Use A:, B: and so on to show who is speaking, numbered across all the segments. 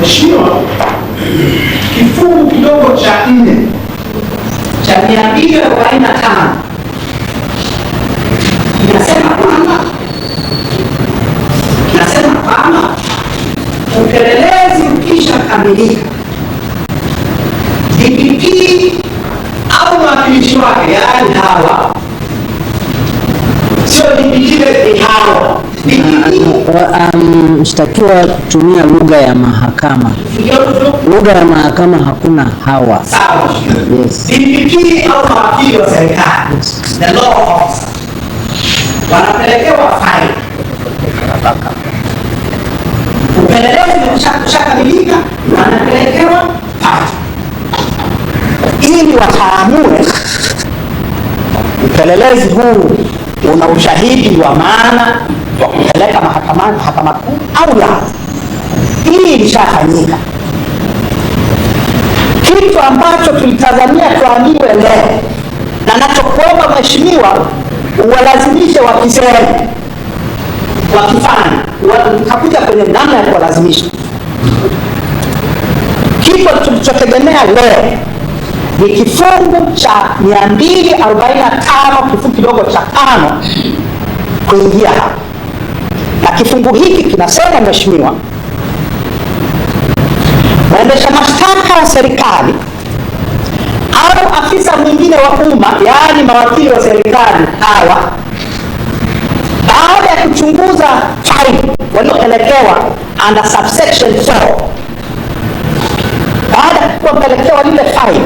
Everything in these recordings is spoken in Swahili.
A: Mheshimiwa, kifungu kidogo cha nne cha tano kinasema kwamba kinasema kwamba upelelezi ukisha kamilika DPP au mwakilishi wake, yaani hawa sio DPP, hawa
B: DPP mshtakiwa kutumia lugha ya mahakama. Lugha ya mahakama hakuna hawa.
A: Yes. Wakili wa serikali the law officer wanapelekewa faili, upelelezi wanapelekewa faili ili wataamue upelelezi huu una ushahidi wa maana wa kupeleka mahakamani, mahakama kuu au la? Hii ilishafanyika. Kitu ambacho tulitazamia tuambiwe leo, na nachokuomba mheshimiwa, uwalazimishe wakisema wakifanya, wakakuja kwenye namna ya kuwalazimisha. kiko tulichotegemea leo ni kifungu cha 245 kifungu kidogo cha tano kuingia hapo, na kifungu hiki kinasema, Mheshimiwa waendesha mashtaka wa serikali au afisa mwingine wa umma, yaani mawakili wa serikali hawa, baada ya kuchunguza faili walioelekewa under subsection 4 baada ya kuwa mpelekewa lile faili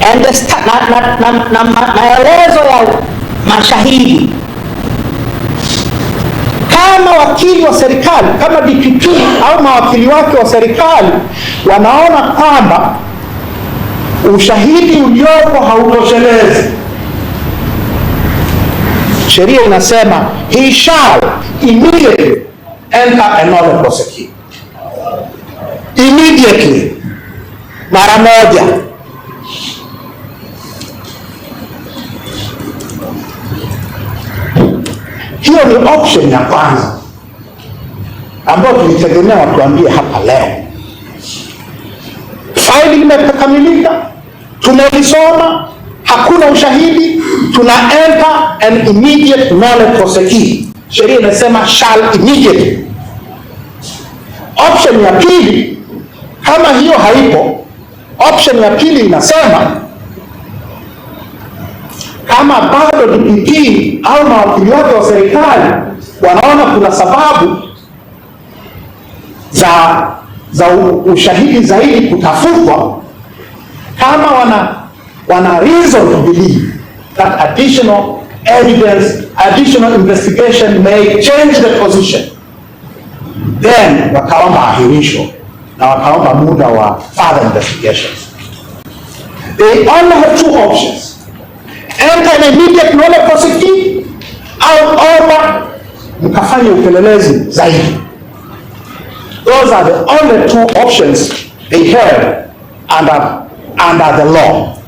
A: na, na, na, na maelezo ya mashahidi kama wakili wa serikali kama DPP au mawakili wake wa serikali wanaona kwamba ushahidi uliopo hautoshelezi, sheria inasema he shall immediately enter another prosecution, immediately, mara moja Hiyo ni option ya kwanza ambayo tulitegemea watuambie hapa leo. Faili limekamilika, tumelisoma, hakuna ushahidi, tuna enter an immediate non-prosequi. Sheria inasema shall immediate. Option ya pili, kama hiyo haipo, option ya pili inasema kama bado DPP au mawakili wake wa serikali wanaona kuna sababu za za ushahidi zaidi kutafutwa, kama wana wana reason to believe that additional evidence, additional investigation may change the position, then wakaomba ahirisho na wakaomba muda wa further investigations. They only have two options enter an immediate tuone positive au omba mkafanya upelelezi zaidi. Those are the only two options they have under, under the law.